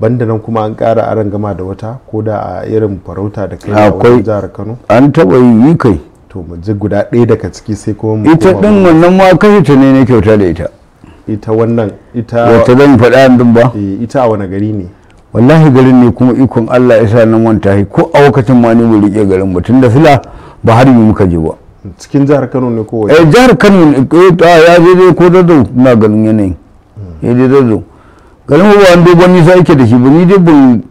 banda nan kuma an ƙara aron gama da wata ko da a irin farauta da kai a wani jihar kano an taɓa yi kai to mu ji guda ɗaya daga ciki sai kuma mu ita din wannan ma kashe ta ne na kyauta da ita ita wannan ita wata zan faɗa an din ba eh, ita a wani gari ne wallahi garin ne kuma ikon Allah ya sa nan wanta ko a lokacin ma ne mu rike garin mu tunda sila ba har yi muka je ba cikin jihar Kano ne ko eh jihar Kano ne ko eh, ta ya je ko da na ganin yanayin hmm. ya je da garin ba wani dogon nisa yake da shi ba ni dai ban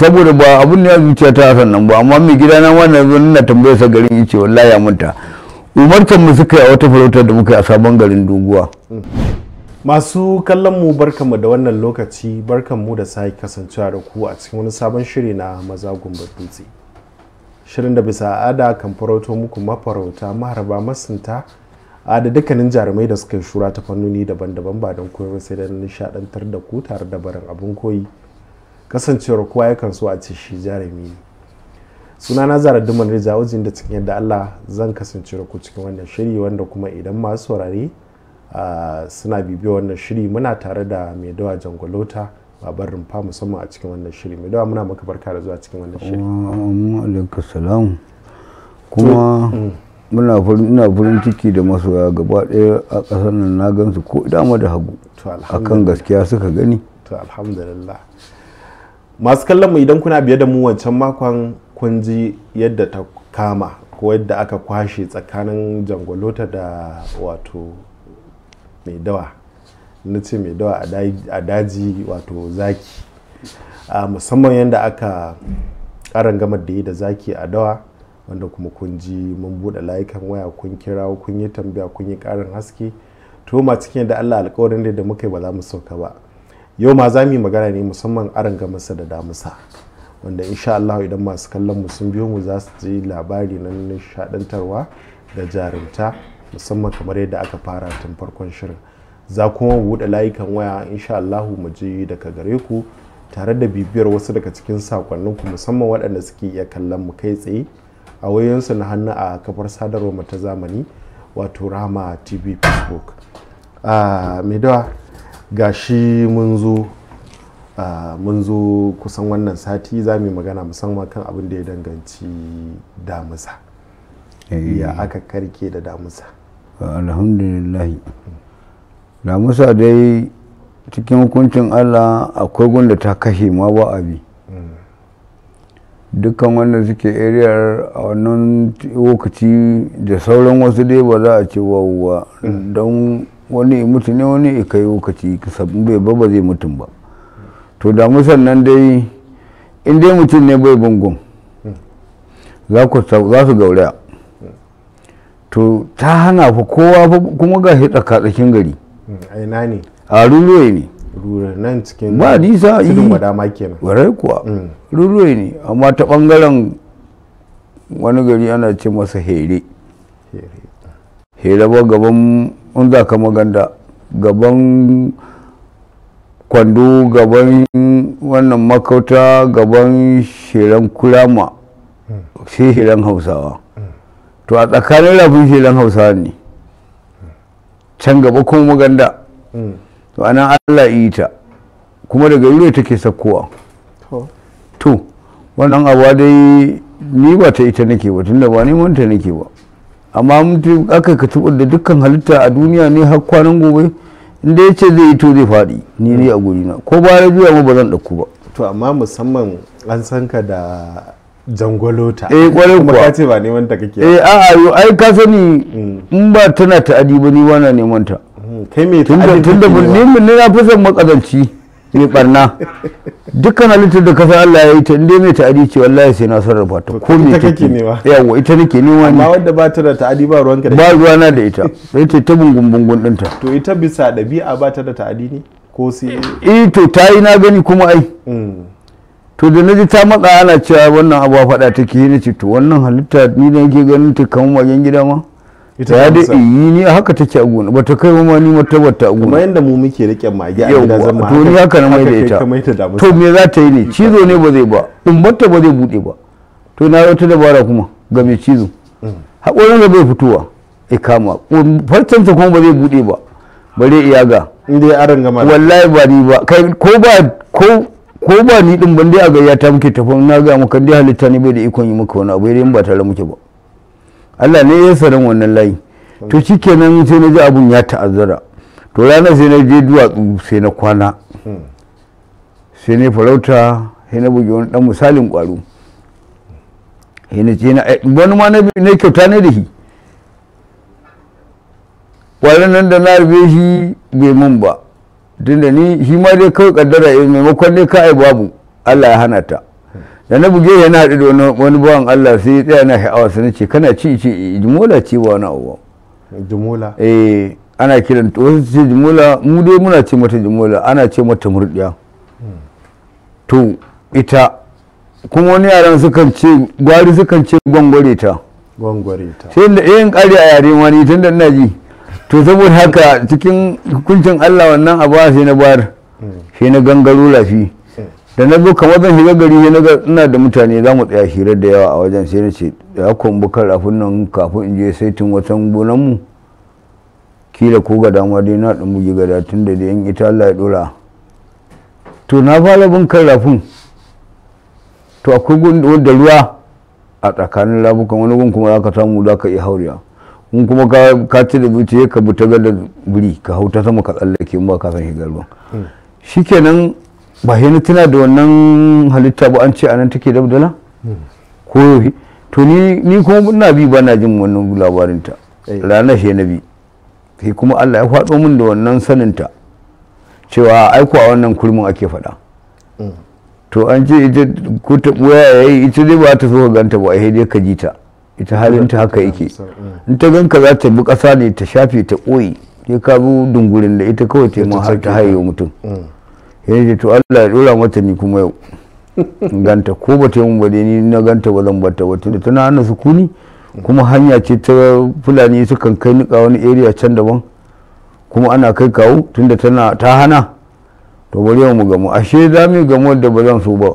saboda ba abun ya zuciya ta hasan nan ba amma mai gida na wannan zan na tambayar sa garin ce wallahi ya manta umartar mu suka yi a wata farautar da muka yi a sabon garin doguwa masu kallon mu barkan mu da wannan lokaci mu da sake kasancewa da ku a cikin wani sabon shiri na maza gumbar dutse shirin da bisa ada kan farauto muku mafarauta maharba masinta. a da dukkanin jarumai da suka shura ta fannoni daban-daban ba don koyo sai da nishadantar da ku tare da barin abin koyi kasancewar kowa yakan so a ce shi jarumi ne suna na zara duman rija wajen da cikin yadda allah zan kasance ku cikin wannan shiri wanda kuma idan masu saurare suna bibiyar wannan shiri muna tare da mai dawa jangolota babar rumfa musamman a cikin wannan shiri mai dawa muna maka barka da zuwa cikin wannan shiri kuma mm. muna farin ina farin ciki da masoya gaba ɗaya a ƙasar nan na su ko dama da hagu a kan gaskiya suka gani to alhamdulillah masu kallon mu idan kuna biye da mu wancan makon kun ji yadda ta kama ko yadda aka kwashe tsakanin jangolota da wato mai dawa na ce mai dawa a daji wato zaki musamman yadda aka karan gamar da yi da zaki a dawa wanda kuma kun ji mun buɗe layukan waya kun kira kun yi tambaya kun yi ƙarin haske to ma cikin da Allah alƙawarin da muka yi ba za mu sauka ba yau ma za mu yi magana ne musamman aron ga masa da damusa wanda insha Allah idan masu kallon mu sun biyo mu za su ji labari na nishaɗantarwa da jarumta musamman kamar yadda aka fara tun farkon shirin za kuma buɗe layukan waya insha Allah mu ji daga gare ku tare da bibiyar wasu daga cikin sakonninku musamman waɗanda suke iya kallon mu kai tsaye a wayansu na hannu a kafar sadarwa ta zamani wato rama tv facebook ah, mai dawa ga shi ah, mun zo kusan wannan sati za mu yi magana musamman kan abin da ya danganci damusa eh. ya aka karke da damusa alhamdulillah damusa dai cikin hukuncin allah akwai gunda ta kashe ma ba abi dukkan wanda suke ariyar a wannan lokaci da sauran wasu dai ba za a ce wawuwa don wani mutu ne wani kai lokaci bai ba ba zai mutum ba to da nan dai in dai mutum ne bai bangon za su gauraya to ta hana fa kowa kuma ga shi katsakin gari hmm, a ruruwa ne rure nan cikin ba nisa yi wadama kenan warai kuwa mm. rure ne amma ta bangaren wani gari ana ce masa here here ba gaban in za ka maganda gaban kwando gaban wannan makauta gaban shiran kurama mm. sai shiran hausawa mm. to a tsakanin rafin shiran hausawa ne can gaba kuma maganda to anan Allah yi ta kuma daga ta take sakkowa to wannan abuwa dai ni ba ta ita nake ba tunda ba neman ta nake ba amma mutum aka ka tubar da dukkan halitta a duniya ne har kwanan gobe inda ya ce zai yi to zai faɗi ni ne a na ko ba rabi ma ba zan ɗauko ba to amma musamman an san ka da jangwalota eh kwarai kuwa kuma ce ba neman ta kake eh a'a ai ka sani mm. in ba tana ta'adi ba ni ba na neman ta kai mai ta'addi tun da ni ne na fi son matsalanci ne barna dukkan halittar da kasa Allah ya yi ta inda mai ta'adi ce wallahi sai na sarrafa ta ko me ta kake nema yawa ita nake nema ne amma wanda ba ta da ta'adi ba ruwanka da ba ruwa na da ita sai ta ta bungun bungun dinta to ita bisa dabi'a ba ta da ta'adi ne ko sai eh to ta yi na gani kuma ai mm. to da naji ta matsa ana cewa wannan abu a faɗa take ne ce to wannan halitta ni da ke ganin ta kamar magen gida ma ita ya da iyi ni haka take a gona ta kai ma ni mata wata a gona kuma yanda mu muke rike magi a gida zama to ni haka na mai da ita to me za ta yi ne cizo ne ba zai ba umbarta ba zai bude ba to na wata dabara kuma ga mai cizo mm. haƙorin da bai fitowa ya kama ta kuma ba zai bude ba bare iyaga in dai aran gama wallahi ba ni ba kai ko ba ko ko ba ni din ban dai a gayya ta muke tafi na ga kan dai halitta ne bai da ikon yi maka wani abu dai ba tare muke ba Allah ne ya sanin wannan layi to shikenan sai na ji abun ya ta'azzara to ranar sai na je duwatsu sai na kwana sai na farauta sai na buge wani dan misalin kwaro sai na ce na eh, wani ma na kyauta ne da shi kwaron nan da na rufe shi bai mun ba tunda ni shi ma dai kawai kaddara eh, maimakon ne ka babu Allah ya hana ta da na buge yana haɗu da wani bawan Allah sai ya tsaya na sha'awa sai ce kana ci ci jimola ce ba wani abu jimola eh ana kiran wasu ce jimola mu dai muna ce mata jimola ana ce mata murdiya to ita kuma wani yaran sukan ce gwari sukan ce gwangware ta gwangware ta sai da yin ƙari a yare wani tun da ina ji to saboda haka cikin hukuncin Allah wannan abu sai na bayar mm. sai na gangaro lafi da na zo kamar zan shiga gari na ga ina da mutane za mu tsaya hirar da yawa a wajen sai na ce ya kun bukar rafin nan kafin in je saitin watan gonanmu kila ko ga dama dai na ɗan bugi gada tun da in ita Allah ya ɗora to na fara bin kan rafin to akwai gun da ruwa a tsakanin labukan wani gun kuma za ka samu za ka iya haurewa in kuma ka ci da zuciya ka bi ta gadar biri ka hau ta sama ka tsallake ba ka san shigar ruwan hmm. shikenan ba ni tana da wannan halitta ba an ce anan take budala ko to ni kuma ina bi ba na jin wannan labarinta eh. ranar shi na bi sai kuma Allah ya faɗo min da wannan sanin ta cewa aiko a wannan kurmin ake faɗa mm. to an ce ita ko ta ɓoya ita dai ba ta so ganta ba sai dai ka ji ta ita halin ta haka yake in ta ganka za ta bi ƙasa ne ta shafe ta ɓoye sai ka bu dungurin da ita kawai ta har ta haye mutum mm. ya ce to Allah ya ɗora mata ni kuma yau ganta ko ba ta yi mun ba ni na ganta ba zan bata ba tunda tana hana sukuni kuma hanya ce ta fulani sukan kai niƙa wani area can daban kuma ana kai kawo tunda tana ta hana to bari mu gamu ashe za mu gamu wanda ba zan so ba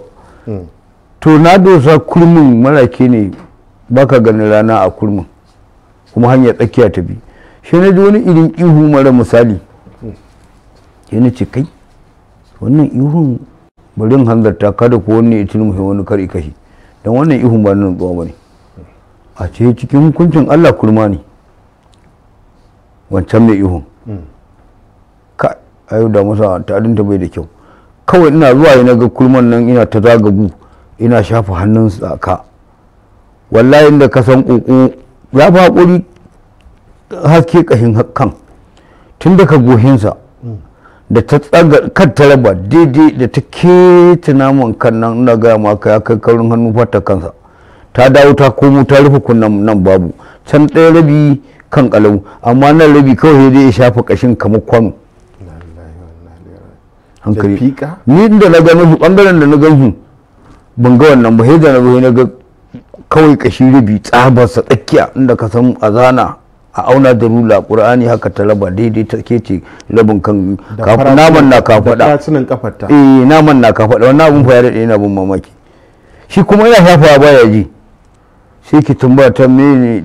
hmm. to na dosa kurmin marake ne baka gani rana a kurmin kuma hanyar tsakiya ta bi shi na ji wani irin ihu mara misali yana hmm. ce kai wannan ihun barin hanzarta kada ko wani ya tilmuhi muhimmanci kar kashi don wannan ihun ba nan tsuwa bane a ce cikin hukuncin Allah kurma ne wancan mai ihun hmm. ka ayo da masa ta'adinta bai da kyau kawai ina zuwa ina ga kurman nan ina ta zagabu ina shafa hannun ka wallahi inda ka san ƙoƙo ya fi haƙuri haske ƙashin kan tun daga gohinsa da ta tsaga kan ta raba daidai da ta keta naman kan nan na gaya maka ya kai karin hannu fata kansa ta dawo ta komo ta rufe kunnan nan babu can ɗaya rabi kan ƙalau amma nan rabi kawai dai ya shafa kashin kamar kwano hankali ni da na gano su bangaren da na gano su ban ga wannan ba sai da na ga kawai kashi rabi tsabarsa tsakiya inda ka san azana a auna da rula qur'ani haka ta daidai ta ke ce labin kan naman na kafada eh naman na kafada wannan abun fayar ya dade ina bin mamaki shi kuma yana shafa baya ji sai ki tambaya ta mene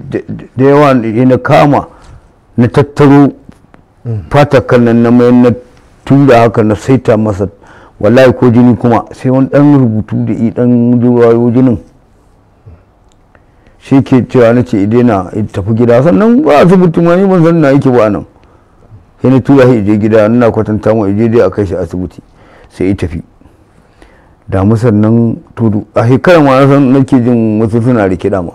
da yawa na kama na tattaro mm. fatakan nan na mai na tura haka na saita masa wallahi ko jini kuma sai wani dan rubutu da i dan jinin shi ke cewa na ce na tafi gida sannan ba asibiti ma ni ban san na yake ba nan sai na tura shi je gida na kwatanta mu je dai a kai shi asibiti sai ya tafi da damu sannan tudu a shekarar ma san nake jin wasu suna rike dama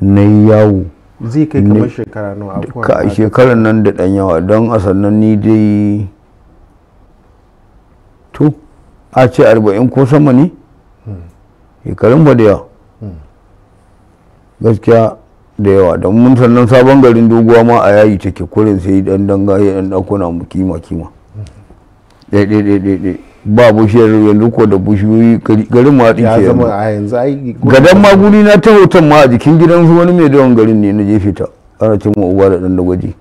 na yawo zai kai kamar shekara nawa ka shekarar nan da dan yawa don a sannan ni dai to a ce arba'in ko sama ne hmm. shekarun ba da yawa gaskiya da yawa don mun sannan sabon garin doguwa ma a yayi take kurin sai dan gaye dan dakuna mu kima kima ɗaiɗaiɗaiɗaiɗai ba bushiyar yanzu ko da bushiyoyi garin ma ɗin ke yanzu a yanzu ai gadan maguni na ta hoton ma a jikin gidan su wani mai dawan garin ne na jefe ta ana cin ma uba da ɗan da gwaji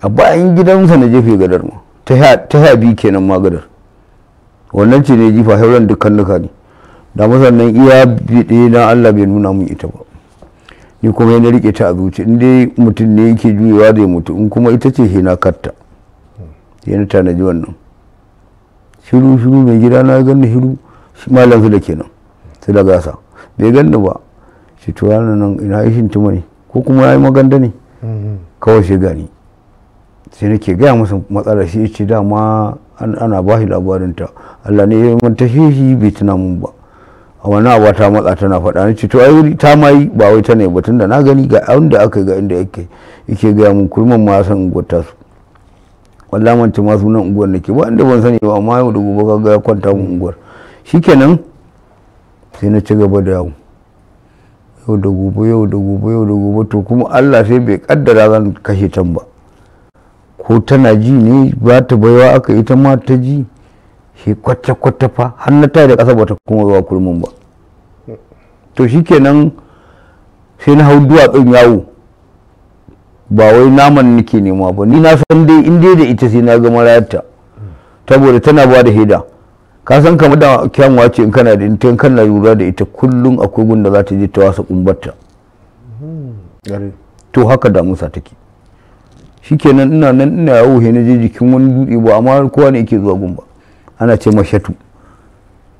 a bayan gidansa na jefe gadar ma ta ha bi kenan ma gadar wannan ce ne jifa hauran dukkan nuka ne da masannan iya biɗe na allah bai nuna mun ita ba ni kuma yana rike ta a zuci in dai mutum ne yake juyewa zai mutu in kuma ita ce hina katta yana tanaji wannan shiru shiru mai gida na ganni shiru malam su da kenan su da gasa bai ganni ba shi to nan ina yi shin tuma ko kuma yayi maganda ne kawai shi gani sai nake gaya masa matsalar shi ce dama ana ba shi ta Allah ne ya manta shi bai tuna mun ba wani abuwa ta matsa tana faɗa ni ce to ai wuri ta ma ba wai ta ne batun da na gani ga inda aka ga inda yake yake gaya mun kurman ma san unguwar ta su wallahi man ma sunan unguwar nake ba inda ban sani ba amma yau da gobe ga ya kwanta mun unguwar shikenan sai na ci gaba da yawo yau da gobe yau da gobe yau da gobe to kuma Allah sai bai kaddara zan kashe tan ba ko tana ji ne ba ta baiwa aka ita ma ta ji shi kwata-kwata fa har ta da ƙasa bata kuma zuwa kurmin ba to shi nan sai na hau duwatsun yawo ba wai naman nake nema ba ni na san dai in dai da ita sai na gama rayarta saboda tana ba da hida ka san kamar da kyanwa ce in kana da ita in kana lura da ita kullum akwai gunda za ta je ta wasa kumbarta to haka damusa take shikenan ina nan ina yawo na je jikin wani dutse ba amma kowa ne yake zuwa gumba ana ce mashatu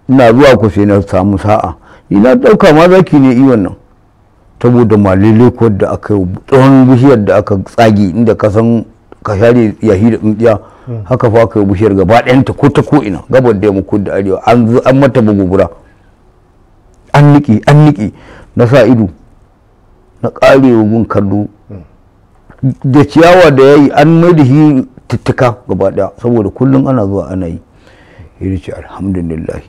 ina zuwa ku sai na samu sa'a ina ɗauka ma zaki ne iwon nan saboda malele ko da aka yi tsohon bishiyar da aka tsage inda ka san ka share yahi da tsintsiya hmm. haka fa aka yi bishiyar gaba ɗayanta ko ta ko ina gabar da ko da arewa an an mata bugubura an niƙe an na sa ido na ƙarewa gun kallo hmm. da ciyawa da yayi an mai da shi gabaɗaya gaba ɗaya saboda kullum ana zuwa ana yi ya ce alhamdulillah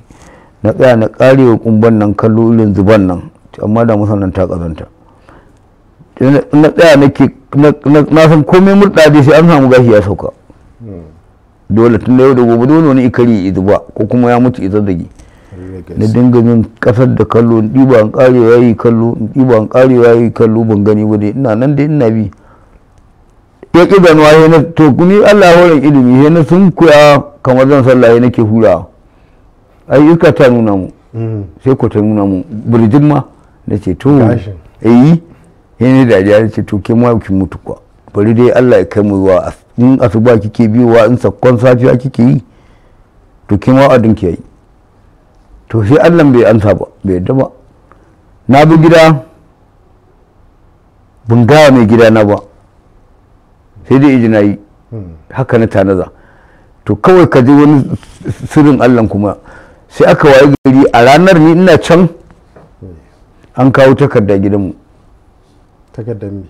na tsaya na karewa kumban nan kallo irin zuban nan amma da musamman ta kazanta na tsaya ke na san komai murɗa dai sai an samu gashi ya sauka dole tun da yau da gobe dole wani ikari ya zuba ko kuma ya mutu ya gi na dinga min kasar da kallo in ɗiba an ƙarewa ya yi kallo in ɗiba an ƙarewa ya yi kallo ban gani ba dai ina nan dai ina bi ya ƙi ganuwa ya na to kuni Allah ya horon ilimi ya na sun kuya kamar zan sallah ya nake hura ai iska ta nuna mu mm. sai ko ta nuna mu birjin ma na ce to eh ya ne dariya na ce to ke ma ki mutu kwa bari dai Allah ya kai mu wa in asuba kike wa in sakkon safiya kike yi to ke ma adin ki yi to sai Allah bai ansa ba bai yadda ba na bi gida ban gaya mai gida na ba sai dai iji na yi haka na tanaza to kawai ka ji wani sirrin allah kuma sai aka waye gari a ranar ni ina can an kawo takarda gidanmu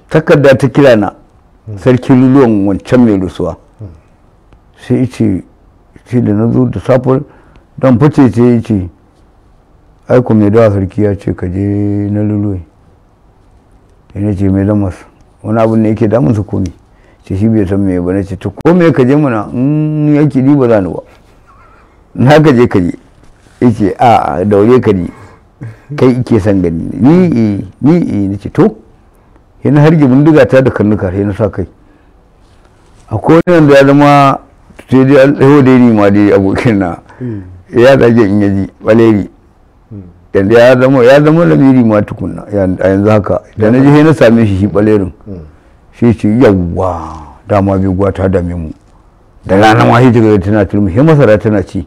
takarda ta kira na sarki ruwan wancan mai rusuwa sai ce sai da na zo da safar don fice ce ya ce aiko mai dawa sarki ya ce ka je na luluwai ya ce mai lamas wani abin da yake damun su komi ce shi bai san me ba na ce to ko me ka je mana mm, in ya ki ba za ni ba na ka je ka je yace a a daure ka ni kai ike san gani ni e ni e ni ce to yana harge duga ta da karnuka sai na sa kai akwai wani da ya zama sai dai an da ni ma dai abokin na hmm. ya dage in yaji baleri yanzu ya zama ya zama lamiri ma tukunna a yanzu haka da na je sai na same shi shi balerin hmm. shi ce yawwa dama bi ta dame mu da rana ma shi daga tana turmi shi masara tana ci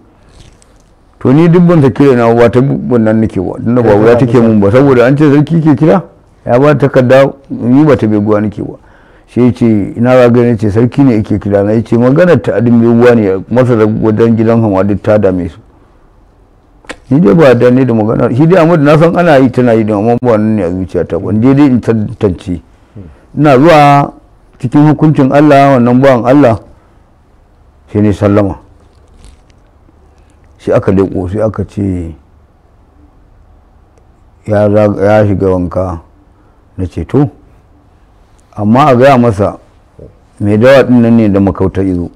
to ni duk ban ta kira na ba ta nan nake ba dan ba wuya take mun ba saboda an ce sarki ke kira ya ba ta kadda ni ba ta biguwa nake ba shi ce ina ga gani ce sarki ne yake kira na yace magana ta adin biguwa ne masara wajen gidan hamadu ta dame su ni dai ba da ne da magana shi dai amma na san ana yi tana yi da amma ba ne a zuciyata dai dai in tantance ina zuwa cikin hukuncin Allah wannan bawan Allah shi ne sallama shi aka leko shi aka ce ya shiga wanka na ceto amma a gaya masa mai dawa ɗin nan ne da makauta izo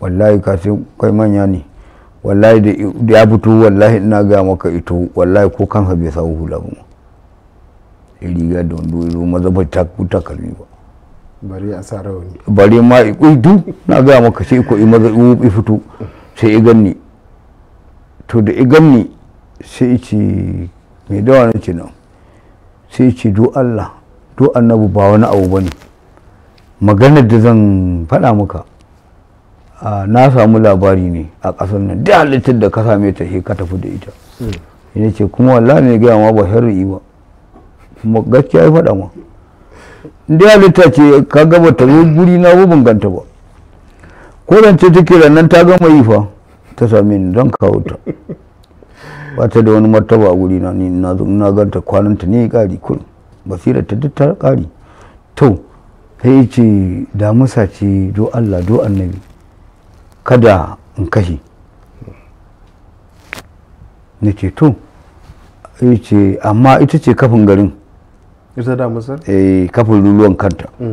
wallahi ce kai manya ne wallahi da ya fito wallahi ina gaya maka ito wallahi ko kansa bai samu hula ba riga da wando ya zo maza bai takuta kalmi ba bari a sa rawani bari ma du na ga maka sai ko maza i fito sai i ganni to da i ganni sai ce mai dawa na ce nan sai ce do Allah do annabu ba wani abu ba ne maganar da zan faɗa maka na samu labari ne a ƙasar nan da halittar da ka same ta sai ka tafi da ita hmm. ina ce kuma wallahi ne gaya ma ba sharri ba kuma gaskiya ya faɗa ma inda halitta ce ka gaba ta zo guri na ba banganta ba ko ce take nan ta gama yi fa ta sami ni don kawo ta ba ta da wani martaba a guri na ni na zo na ganta ta ne ƙari kun basira ta duk ta ƙari to sai ce damusa ce do Allah do annabi kada in kashe na ce to ce amma ita ce kafin garin ita da masar eh kafin luluwan kanta mm.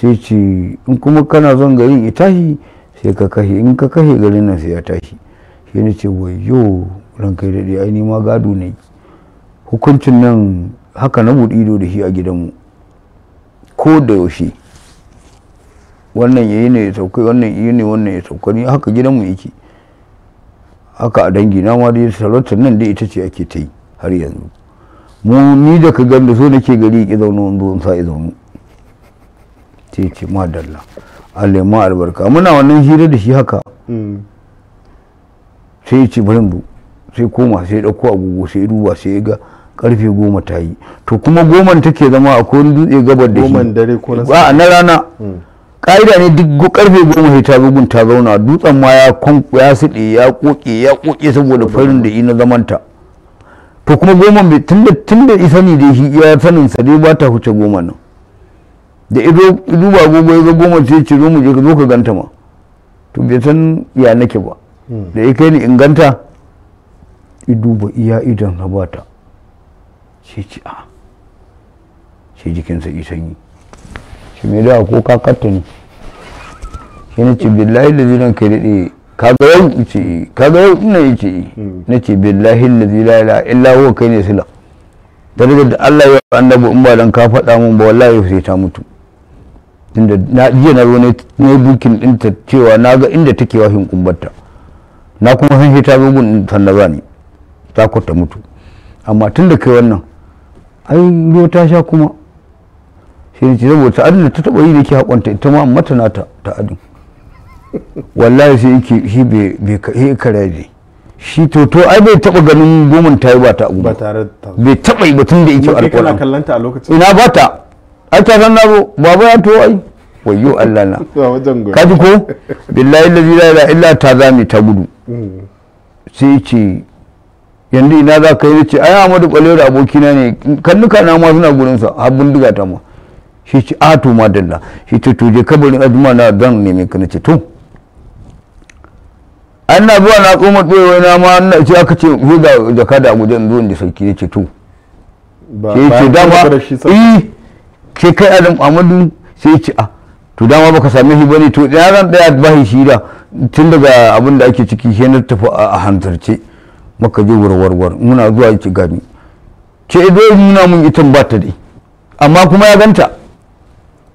sai ce in kuma kana zon gari ya tashi sai ka kashe in ka kashe garin nan sai ya tashi shi ne ce wayo ranka kai daɗe ai ma gado ne hukuncin nan haka na buɗi ido da shi a gidanmu ko da yaushe wannan yayi ne ya saukai wannan yayi ne wannan ya saukai ni haka gidanmu yake haka a dangi na ma dai sarautar nan dai ita ce ake ta yi har yanzu mu ni da ka ganda so nake gari ki zauno in zo in sa mu ce ce ma dalla Allah ma albarka muna wannan hira da shi haka mm. sai ce bari mu sai koma sai dauko agogo sai duba sai ga karfe goma ta yi to kuma goma take zama a wani dutse gabar da shi goma dare ko na a na rana mm. ƙa'ida ne duk karfe goma sai ta zo ta zauna dutsen ma ya kwanku ya siɗe ya koke ya koke saboda farin da ina zamanta to kuma goma tunda da isani da shi iya sanin sa dai ba ta huce goma nan da ido ba goma ya zo goma sai ce zo mu je ka zo ka ganta ma to bai san ya nake ba hmm. da ya kai ni in ganta ido ba iya idan habata sai ce a ah. sai jikinsa isa ne. shi mai da ko ka katta ne shi ne ce billahi da zinan kai daɗe kaga yau ce yau ina yace na ce billahi allazi la ilaha illa huwa kai ne sila darajar da Allah ya annabi in ba dan ka faɗa mun ba wallahi sai ta mutu tunda na jiya na ruwa ne bukin din cewa na ga inda take wahin kumbarta na kuma san shi ta zo gun sallaba ta mutu amma da kai wannan ai ruwa ta sha kuma shi ne ce saboda ta'adin da ta taɓa yi da ke haƙonta ita ma mata nata ta'adin wallahi sai yake shi bai kare ne shi to to ai bai taba ganin gomin ta yi ba ta abu ba bai taba yi batun da yake alƙawari kana kallanta a lokacin ina ba ta ai ta san go, baba ya to ai wayyo Allah na ka ji ko billahi allazi la ilaha illa ta zami ta gudu mm. sai ce yanda ina za ka yi ce ai Ahmadu Kwalero abokina ne kalluka na ma suna gurin sa har bindiga ta ma shi ce a to madalla shi ce to je kabarin azuma na zan neme ka na ce to an na zuwa na koma tsoye wai na ma na ce aka ce zo da jaka da abuja in zo da sarki ya ce to sai ce dama yi ce eh, kai adam amadu sai ce a ah, to dama baka same shi bane to ya ran daya ba shi da tun daga abin da ake ciki shi na tafi a hantarce maka je warwarwar muna zuwa ci gani ce ido eh, nuna mun itin ba ta dai amma kuma ya ganta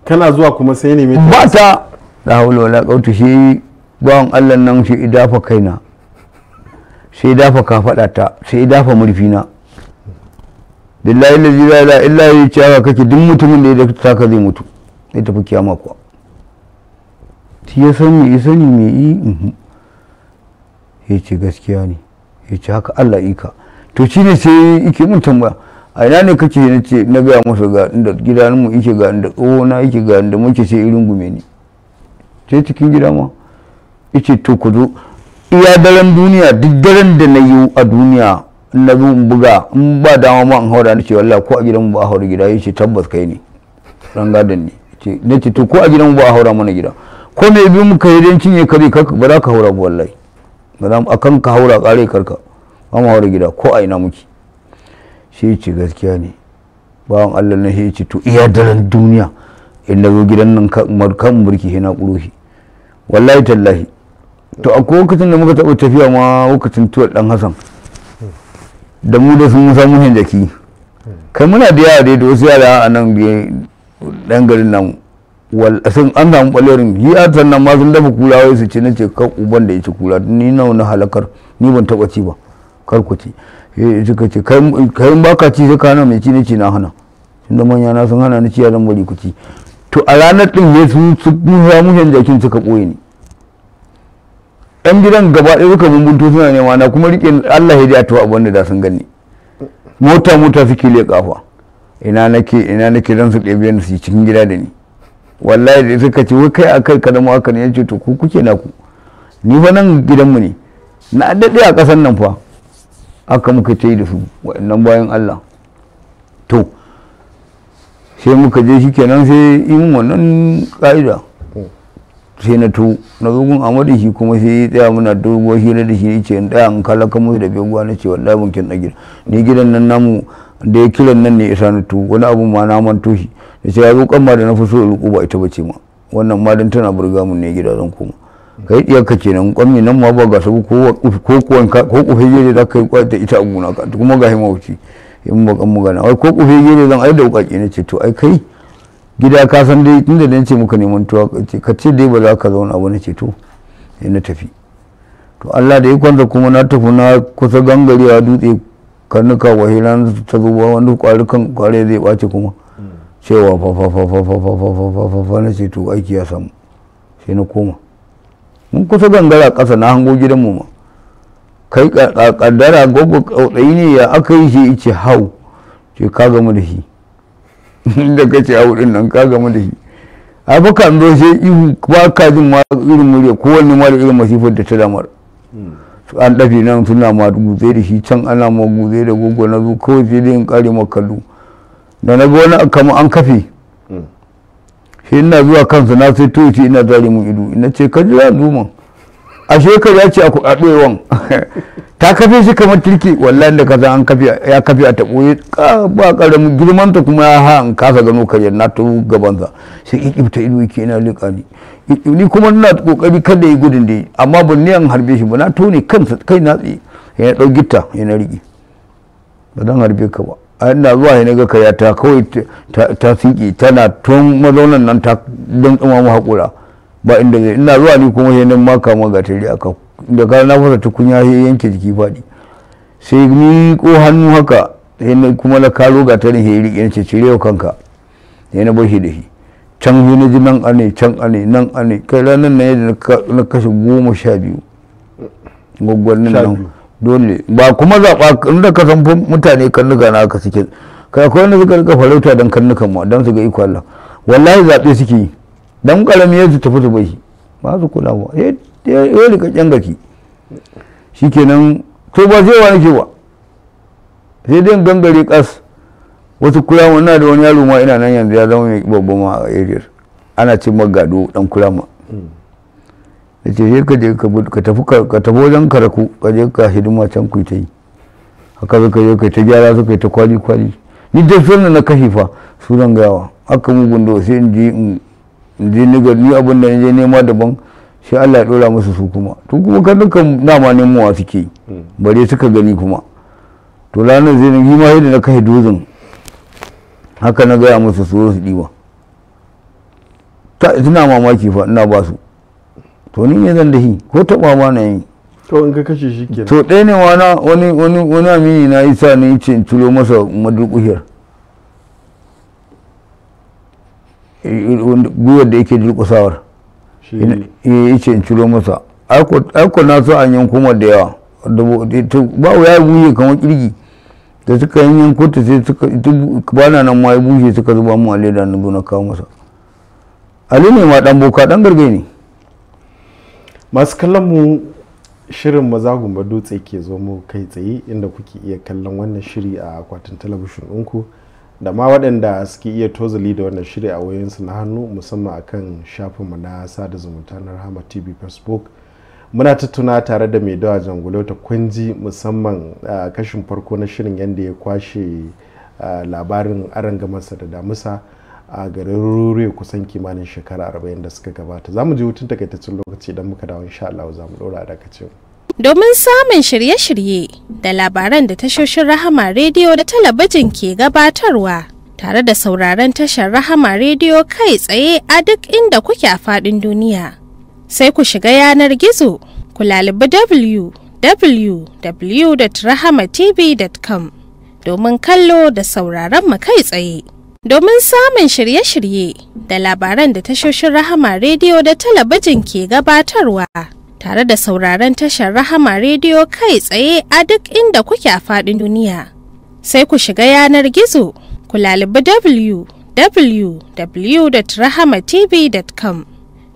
kana zuwa kuma sai ne mai ba ta da hawla wala quwwata shi bawan allah nan shi idafa kaina sai dafa ta sai idafa murfina billahi la ilaha illa yi ciyawa kake duk mutumin da ya ta ka zai mutu ya tafi kiyama kuwa ti ya san me sani me yi uhuh. ya ce gaskiya ne ya ce haka Allah ika to shi ne sai ike mun tambaya a ina ne kake na ce na gaya masa ga inda gidanmu ike ga inda tsohona ike ga inda muke sai irin gume ne sai cikin gida ma yace to ku zo iya daren duniya duk daren da na yi a duniya na zo in buga in ba dama ma in haura nace wallahi ko a gidan mu ba a haura gida yace tabbas kai ne ran gadan ne nace to ko a gidan mu ba a haura mana gida ko me bi mu kai dan cinye kare ba za ka haura ba wallahi ba za akan ka haura kare karka ba mu haura gida ko a ina muke shi ce gaskiya ne bawan Allah na shi to iya daren duniya in na zo gidan nan kan burki na kuruhi wallahi tallahi to a lokacin da muka taɓa tafiya ma lokacin tuwal ɗan hasan da mu da sun samu hin jaki kai muna da yara da wasu yara a nan ɗan garin nan wal sun an samu ɓalerin yi a sannan ma sun dafa kula wai su ce na ce kan uban da ya ci kula ni nawa na halakar ni ban taɓa ci ba kar ku ci suka ce kai ba ka ci sai ka hana mai ci na ci na hana tunda manya na sun hana ni ci yaran bari ku ci to a ranar ɗin ne su samu hin jakin suka ɓoye ni yan gidan gaba ɗaya suka bumbunto suna nema na kuma riƙe Allah ya ji atuwa abin da sun gani mota mota suke le kafa ina nake ina nake dan su ɗebe ni su cikin gida da ni wallahi da suka ce wai kai akai ka zama haka ne yace to ku kuke na ku ni fa nan gidanmu ne na daɗe a ƙasan nan fa aka muka ce da su waɗannan bayan Allah to sai muka je shi kenan sai yin wannan ƙa'ida sai na tu na zo gun amadu shi kuma sai tsaya muna dogo na da shi ne ce in an kala kalaka musu da beguwa na ce wallahi mun kin gida ni gidan nan namu da ya kiran nan ne isa na tu wani abu ma na manto shi da ce ya zo kan ma da na fi so ruku ba ita bace ma wannan ma dan tana burga mun ne gida zan koma kai iyaka kenan kwamni nan ma ba ga su ko ko kuwan ko kufe da kai kwa da ita a gona ka kuma ga himauci in ba kan gana wai ko kufe gere zan ai da wukaki ne ce to ai kai gida ka san dai tun da ce muka neman tuwa ka ce dai ba za ka zauna ba na ce to sai na tafi to Allah da ikonsa kuma na tafi na kusa gangare a dutse karnuka wahilan ta zo ba wani kwarukan kware zai ɓace kuma cewa fa fa fa fa fa fa fa fa fa fa na ce to aiki ya samu sai na koma mun kusa gangara kasa na hango gidanmu ma kai kaddara gogo tsautsayi ne ya aka yi shi ice hau ce ka gamu da shi da ce a wurin nan ka gama da shi a fa kan zo sai ihu ba ka jin ma irin murya kowanne ma da irin masifar da ta damar hmm. an dafi nan suna ma guzai da shi can ana ma guzai da gogo na zo kawai sai dai in kare ma kallo da na ga wani kama an kafe hmm. sai ina zuwa kansa na sai toci ina zare mun ido ina ce ka jira zuman ashe ka ya ce a ɗoyewan ta kafe shi kamar turki wallahi da kaza an kafe ya kafe a taboye ba karamin girman ta kuma ha an kasa gano karyar na ta gaban sa sai kikifta ido yake ina lika ni ni kuma ina kokari kada yi gudun dai amma ban ni an harbe shi ba na tone kansa kai na tsaye ya dau gitta ya na riƙe ba dan harbe ka ba a ina zuwa ya naga kaya ta kawai ta tana tun mazaunan nan ta don tsuma haƙura ba inda zai ina zuwa ni kuma ya nan maka magatari a da kar na fasa tukunya sai yanke jiki faɗi sai ni ko hannu haka sai na kuma na kalo ga ta da heri yana ce cire kanka sai na shi da shi can yi na ji nan ane can ane nan ane kai ranar na yadda na kashe goma sha biyu gwaggwannin nan dole ba kuma zaɓa da ka san mutane karnuka na aka suke kai akwai wanda suka rika farauta don karnukan ma don su ga iko Allah wallahi zaɓe suke yi don ƙaramin ya su tafi su bai ba su kula ba ya rika kyan gaki shikenan to ba zai wa nake ba sai dai gangare kas wasu kurama na da wani yaro ma ina nan yanzu ya zama mai babba ma a area ana ce magado dan kurama da ce sai ka je ka tafi wajen karaku ka je ka hidima can ku ta yi haka suka je ka ta gyara suka yi ta kwali kwali ni da sunan na kashi fa su zan gawa haka mugun da sai in je in je ni abin da in je nema daban sai Allah ya dora musu su kuma to kuma kan dukkan dama nemowa suke hmm. bare suka gani kuma to ranar zai yi ma yadda na kai dozin haka na gaya musu su su ɗiba suna mamaki fa ina ba su to ni ne zan dahi ko taɓa ma na yi to in ka kashe shi kenan to ɗaya ne wana wani wani wani amini na isa ne yace in tulo masa madurƙushiyar eh, eh, guwar da yake durƙusawar Eh, ya ce in ciro masa aiko na so an yanko da yawa eh, ba ya buhe kamar kirgi da suka yi yanko ta sai suka bana nan ma ya bushe suka zuba mu a leda na na kawo masa ali ne ma dan boka dan gargai ne masu kallon mu shirin maza gumba dutse ke zo mu kai tsaye inda kuke iya kallon wannan shiri a akwatin talabishin ɗinku. da ma waɗanda suke iya tozali da wannan shirya a wayoyinsu na hannu musamman akan shafinmu na sada zumunta na rahama tv facebook muna tattuna tare da mai dawa jangulo ta kunji musamman a kashin farko na shirin yadda ya kwashe labarin arangamarsa da damusa a garin kusan kimanin shekara 40 da suka gabata za mu je hutun takaitaccen lokaci idan muka dawo insha Allah za mu dora a dakacin domin samun shirye-shirye da labaran da tashoshin Rahama Rediyo da talabijin ke gabatarwa tare da sauraron tashar Rahama Rediyo kai tsaye a duk inda kuke a faɗin duniya. Sai ku shiga yanar gizo, ku lalibi www.rahamatv.com domin kallo da sauraron mu kai tsaye. Domin samun shirye-shirye da labaran da tashoshin Rahama Rediyo da talabijin ke gabatarwa. tare da sauraron tashar Rahama rediyo kai tsaye a duk inda kuke a faɗin duniya. Sai ku shiga yanar gizo, ku lalibi www.rahamatv.com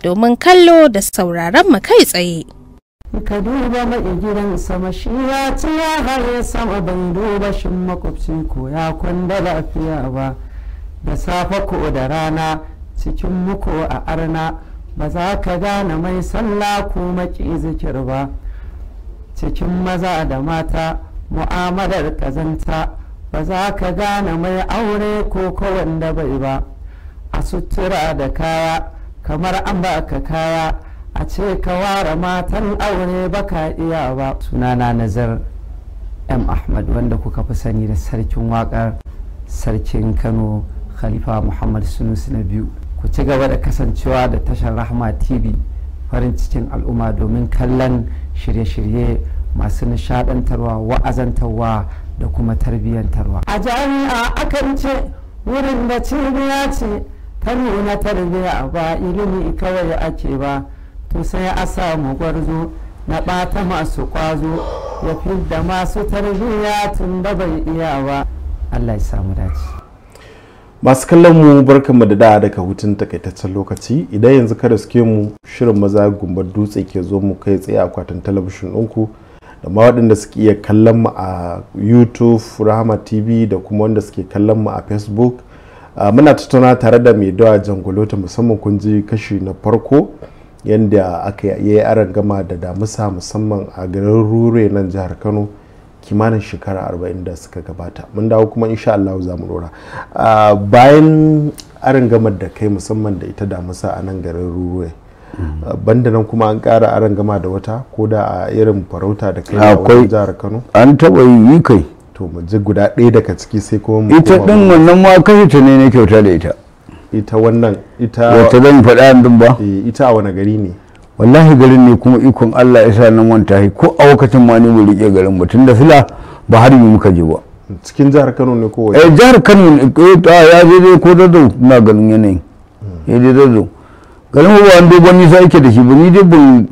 domin kallo da sauraron mu kai tsaye. Ka duba mai gidan sama shi ya ci ya sama ban duba shin makwabcin ko ya kwanda lafiya ba da safe ko da rana cikin muku a arna. ba ka gane mai sallah ko maki zikir ba cikin maza da mata mu'amalar kazanta ba za ka gane mai aure ko da bai ba a sutura da kaya kamar an ba ka kaya a ce ka ware matan aure ba ka iya ba sunana nazar m ahmad wanda kuka fi sani da sarkin waƙar sarkin kano khalifa muhammad sunusi na biyu ku ci gaba da kasancewa da tashar rahma tv farin cikin al'umma domin kallon shirye-shirye masu nishadantarwa wa'azantarwa da kuma tarbiyyantarwa a jami'a akan ce wurin da cibiya ce ta nuna tarbiyya ba ilimi kawai ake ba to sai a samu gwarzo na ɓata masu ƙwazo ya fi da masu tarbiyya tun da bai iya ba allah ya samu dace masu kallon mu mu da da'a daga hutun takaitaccen lokaci idan yanzu kada suke mu shirin maza gumbar dutse ke zo mu kai tsaye akwatin talabishin ɗinku da ma waɗanda suke iya kallon mu a youtube rahama tv da kuma wanda suke kallon mu a facebook muna tattauna tare da mai dawa jangolota musamman kun ji kashi na farko yadda aka yi aran gama da damusa musamman a garin rure nan jihar kano kimanin shekara arba'in da suka gabata mun dawo kuma insha Allah za mu dora bayan arin gamar da kai musamman da ita damusa a nan garin ruruwa mm. banda nan kuma an ƙara arin gama da wata ko da a irin farauta da kai a wajen jihar Kano an taɓa yi kai to mu ji guda ɗaya daga ciki sai kuma mu ita din wannan ma kai ta ne ne kyauta da ita ita wannan ita ta zan faɗa din ba eh, ita a wani gari ne wallahi garin ne kuma ikon Allah ya sa nan wanta hi ko a lokacin ma ne mu rike garin mu tunda sila ba har mu muka je ba cikin jihar Kano ne ko eh jihar Kano ne ko eh, ta ya je dai ko da do na ganin yanayin ya je da do garin ba an dogon sai yake da shi ba ni dai ban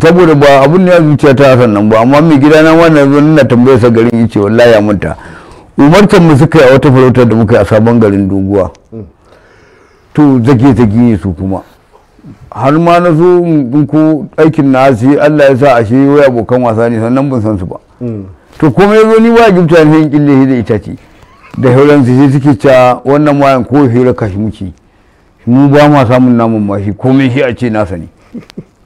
saboda ba abun ne ya zuciya ta nan ba amma mai gida na wannan zan na tambaye sa garin yace wallahi ya manta umartar mu suka yi a wata farautar da muka yi a sabon garin doguwa mm. to zage zage ne su kuma har ma na so in ko aikin na sai Allah ya sa a shi wai abokan wasa ne sannan ban san su ba mm. to kuma yazo ni wa gimta ne in kille da itace da hauran su shi suke cewa wannan wayan ko hira kashi muke mu ba ma samun namun shi komai shi a ce na sani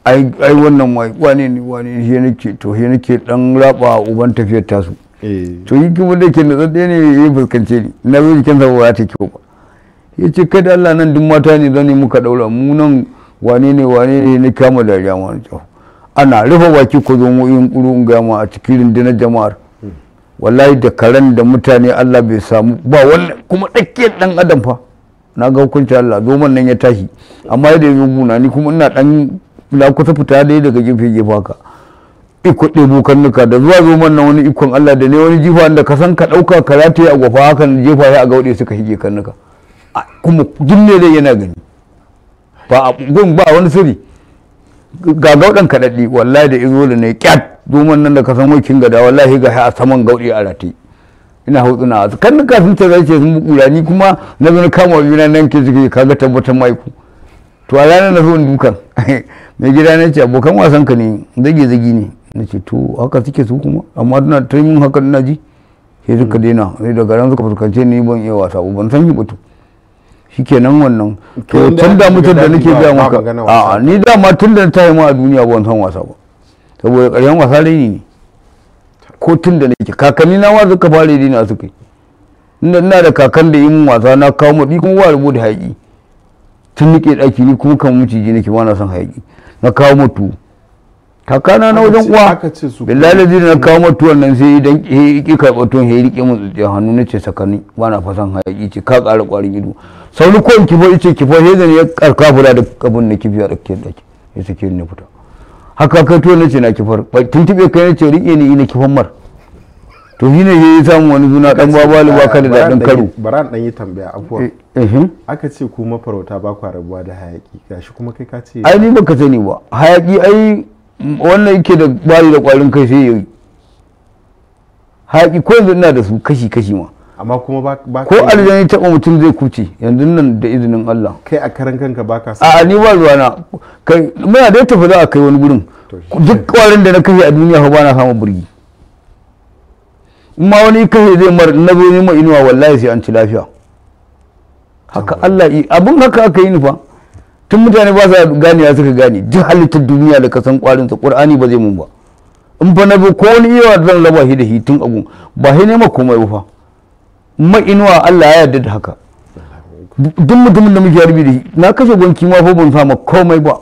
ai ai wannan wai wane ne wane shi nake to shi nake dan raba uban tafiyar tasu eh. to yi kuma da ke nazar ɗaya ne ya fuskance ni na zo jikin sa ba ta kyau ba ya ce kada Allah nan duk mata ne zan yi muka daura mu nan wani ne wani ne ni kama da wani tsawo. ana rufe baki ku zo yin ƙuru in gama a cikin rundunar jama'ar wallahi da karen da mutane Allah bai samu ba wani kuma tsakiyar dan adam fa na ga hukunci Allah zoman nan ya tashi amma yadda ya muna ni kuma ina dan lakuta fita dai daga gefe gefe haka iko ɗebo karnuka da zuwa zoman nan wani ikon Allah da ne wani jifa da ka san ka ɗauka karate a gwafa hakan jefa ya a gauɗe suka shige karnuka kuma duk ne dai yana gani ba a gun ba wani siri ga gaudan kaɗaɗɗi wallahi da izo da ne kyat domin nan da ka san wakin gada wallahi ga a saman gaudi a rati ina na a kan nuka sun ce zai sun bukura ni kuma na zai kama wa nan ke suke kaga tabbatar maiku to a ranar na zo dukan mai gida na ce abokan wasan ka ne zage zagi ne na ce to haka suke su kuma amma tana ta yi min haka ina ji sai suka daina sai daga ran suka fuskance ni ban iya wasa ban san yi batu shikenan wannan to tun da mutum da nake gaya maka a ni dama tun da ta yi ma a duniya ban san wasa ba saboda ƙaryan wasa raini ne ko tun da nake kakanni na wasu ka fara yi na suka yi inda ina da kakan da yin wasa na kawo maɗi kuma wa rubu da haƙi tun nake ɗaki ni kuma kan ji nake ba na son haƙi na kawo mutu kakana na wajen uwa billahi da na kawo mutu wannan sai idan ya ƙi karɓar tun ya riƙe mun tsutsiyar hannu na ce sakani ba na fasan haƙi ce ka ƙara ƙwarin ido sauri ko in kifo ice kifo he ne ya karka fura da kabin na kifi a tsakiyar daki ya ke ni fita haka ka to ce na kifar tuntube kai ce rike ni ina kifan mar to shine ya yi samu wani suna dan babalu ba kada da dan karu baran dan yi tambaya afuwa eh, eh, eh. aka ce ku mafarauta ba kwa rabuwa da hayaki gashi kuma kai ka ce ai ni baka sani ba hayaki ai wannan yake da bari da kwarin kai sai yi hayaki ko yanzu ina da su kashi kashi ma amma kuma ba ko aljani ya taba mutum zai kuce yanzu nan da izinin Allah kai a karan kanka baka sa a ni ba na kai muna da tafi za a kai wani gurin duk kwarin da na kashe a duniya fa bana samun burgi ma wani kashe zai mar na zo ma inuwa wallahi sai an ci lafiya haka Allah yi abin haka aka yi nufa tun mutane ba sa ya suka gane duk halittar duniya da kasan kwarin sa qur'ani ba zai mun ba in fa na bi ko wani iya zan raba shi da tun agun ba shi ne ma komai ba fa ma'inuwa Allah ya yarda da haka duk mutumin da muke harbi da shi na kashe gonki ma fa ban fama komai ba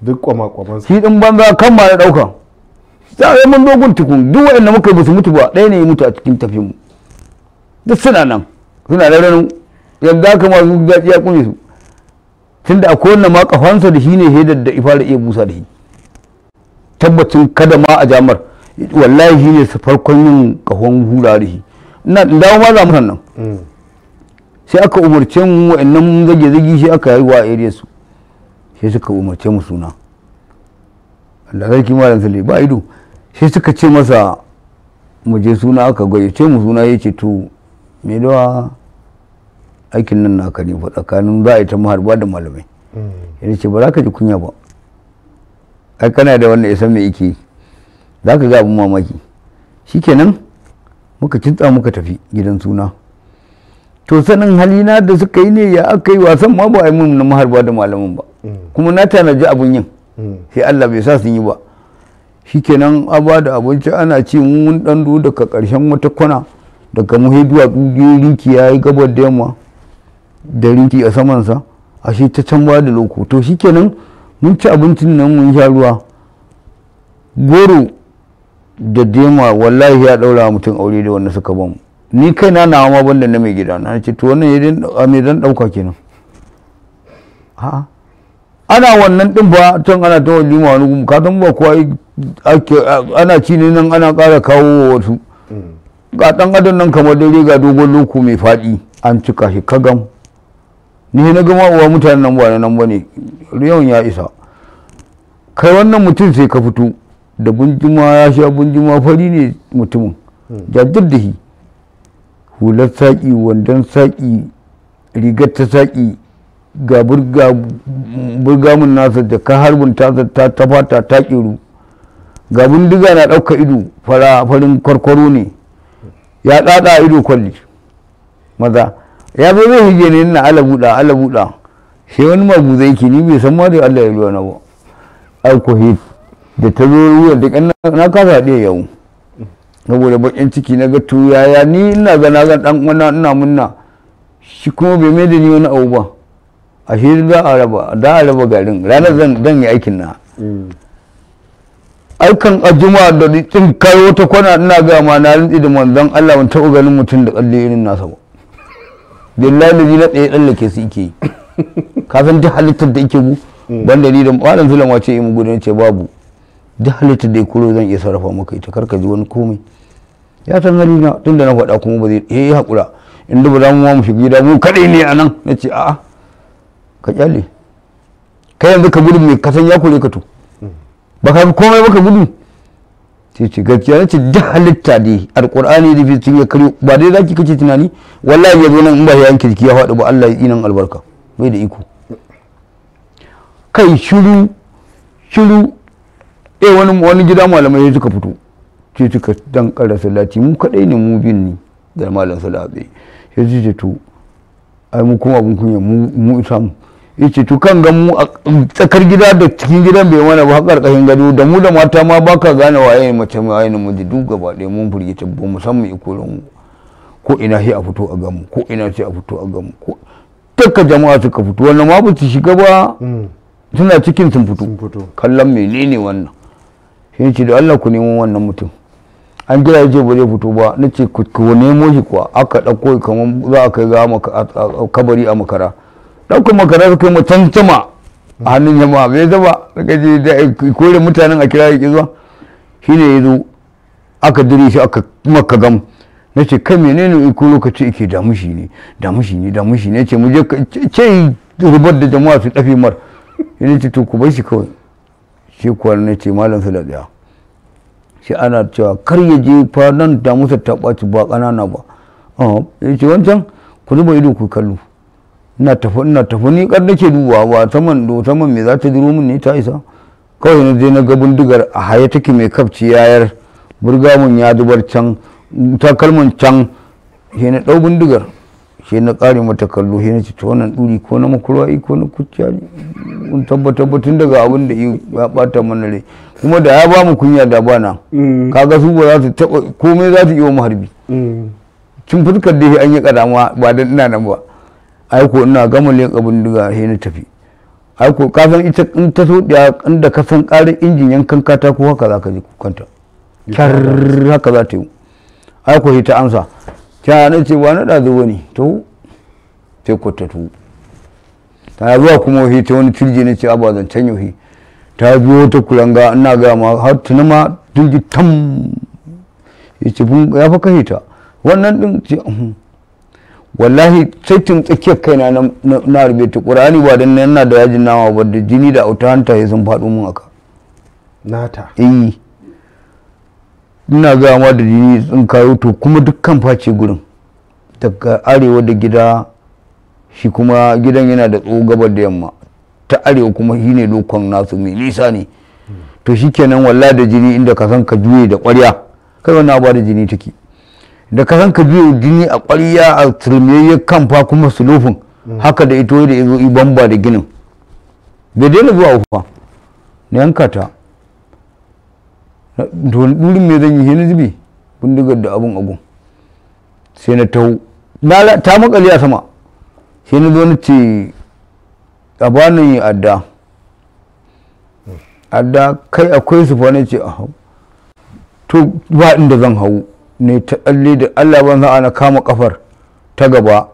duk kwama-kwaman shi din za kan ma na dauka za a yi mun dogon tukun duk wanda muka ba su mutu ba ɗaya ne ya mutu a cikin tafin mu duk suna nan suna da ranar yanzu haka masu ya kune su tunda akwai wannan ma kafansa da shi ne hedar da ifara iya busa da shi tabbacin kada ma a jamar wallahi shi ne farkon yin kahon hura da shi na dawo ma za mu nan mm. sai aka umarce mu wa'annan zage-zage shi aka haihuwa a area su sai suka umarce mu suna Allah kima malam sule ba ido sai suka ce masa mu je suna aka gayyace mu suna ya ce to me dawa aikin nan naka ne fa tsakanin za a yi ta maharba da malamai mm. ya ce ba za ka ji kunya ba ai kana da wanda ya san me yake za ka ga abin mamaki shi shikenan muka kintsa muka tafi gidan suna to sanin halina da suka yi ne ya aka yi wasan ma ba a yi mun na maharba da malamin ba mm. kuma na tanaji abun yin mm. sai Allah bai sa sun yi ba shikenan aba da abinci ana ce mun dan daga karshen wata kwana daga muhe duwatsu rinki ya yi gabar da yamma da rinki a samansa ashe ta can ba da loko to shikenan mun ci abincin nan mun sha ruwa goro da dima wallahi ya daura mutum aure da wanda suka bamu ni kai na nawa ma banda na mai gida na ce to wannan yadin a me dan dauka kenan a'a ana wannan din ba tun ana ta walima wani gumu katon ba kuwa ana ci ne nan ana ƙara kawo wasu ga ɗan adon nan kamar dare ga dogon loko mai faɗi an cika shi kagam ni na gama uwa mutanen nan ba nan ba ne yawan ya isa kai wannan mutum sai ka fito da bunjuma ya sha bunjuma fari ne mutumin jajjar hmm. da shi hular saƙi wandon saƙi rigar ta saƙi ga burgamun nasa da ka harbin tasa ta fata ta ƙiru ga bindiga na ɗauka ido fara farin kwarkwaro ne ya ɗaɗa ido kwalli maza ya zo zai hije ne na ala buɗa ala buɗa sai wani mabu zai ke ni bai san ma da Allah ya ruwa na ba alkohit da ta zo ruwan duk na kasa haɗe yau saboda bakin ciki na ga ya ni ina ga na ga ɗan wana ina munna shi kuma bai mai da ni wani abu ba a shi za a raba da a raba garin ranar zan dan yi aikin na mm. aikan juma da din kai wata kwana ina ga ma na rinzi da manzon Allah mun taɓa ganin mutum da kalli irin nasa ba billahi da na tsaye tsallake su ike yi ka san halittar da ike bu mm. banda ni da malam zulama ce yi mu gudun ce babu duk halittar da ya kuro zan iya sarrafa maka ita karka ji wani komai ya san na tun da na faɗa kuma ba zai iya yi haƙura inda ba za mu mu shiga gida mu kaɗai ne a nan na ce a'a ka kyale kai yanzu ka gudu mai kasan ya kore ka to ba ka komai ba ka gudu sai ce gaskiya na ce duk halitta dai alƙur'ani da fitin ya karyo ba dai za ki kace tunani wallahi ya zo nan in ba ya yanke jiki ya faɗi ba Allah ya nan albarka bai da iko kai shiru shiru eh wani wani gida malamai suka fito ce suka dan kara salati mu kadai ne mu bin ni da malam salabe ya ce to ai mu kuma abun kunya mu mu samu yace to kan ga mu a tsakar gida da cikin gidan bai mana ba karkashin gado da mu da mata ma baka gane waye mace mai ainihin miji duk gaba ɗaya mun firgita ba mu san mu ko ina sai a fito a gamu ko ina sai a fito a gamu ko dukkan jama'a suka fito wannan ma ba su shiga ba mm. suna cikin sun fito kallon menene wannan shi ce da Allah ku nemo wannan mutum an jira ya ce ba zai fito ba na ce ku nemo shi kuwa aka ɗauko kamar za a kai ga kabari a makara ɗaukar makara su kai mutan sama a hannun jama'a bai zaba da je da kore mutanen a kira ya zuwa shi ne ya zo aka dire shi aka maka gam na ce kai menene iko lokaci ike damu shi ne damu shi ne damu shi ne ce mu je ce rubar da jama'a su dafe mar yana ce to ku bai shi kawai shi kuwa ce malam su shi ana cewa kar ya je fa nan ta musa ta ɓaci ba ƙanana ba ya ce wancan ku zuba ido ku kallo ina tafi ina tafi ni kar nake duba ba saman do saman me za ta duro min ne ta isa kawai na je na ga bindigar a haya take mai kafci yayar burgamun ya zubar can takalman can shi na ɗau bindigar sai na ƙari mata kallo shi na ce to wannan ɗuri ko na makurwa ko na kuciya ne mun tabbata tun daga abin da ya bata mana rai kuma da ya ba mu kunya da bana mm. kaga su ba za su taɓa komai za su yi wa mu harbi mm. fuskar da an yi kadama ba da ina nan ba ai ko ina gama leƙa bindiga shi na tafi ai ko ka san ita in ta so da inda ka san ƙarin injin yankan katako haka za ka je kukanta kyar haka za ta yi ai ko ta amsa ta na ce ba na ɗazu ba ta to sai tu ta zuwa kuma wahi ta wani turji na ce abuwa ba zancen yohi ta biyo ta kulanga ina ga ma har tuni ma turji tam ya ce ya fa kashe ta wannan ɗin ce uhm. wallahi sai tun tsakiyar kaina na rube ta ƙur'ani ba don yana da yajin nama ba da jini da auta hanta ya sun faɗo mun aka nata eh ina zuwa ma da jini sun kayo to kuma dukkan face gurin daga arewa da gida shi kuma gidan yana da tsoho gabar da yamma ta arewa kuma shi ne lokon nasu mai nisa ne to shi kenan walla da jini inda ka san ka juye da kwarya kai wannan ba da jini take da ka san ka juye jini a kwarya a turmiyayye kan fa kuma sulufin haka da ito da izo ibamba da ginin bai daina zuwa ufa na yanka ta wani ɗurin me zan yi na zubi bindigar da abun agun sai na taho ta makali a sama sai na zo na ce a bani adda adda kai akwai su na ce a hau to ba inda zan hau ne ta tsalle da allah ban sa'a na kama kafar ta gaba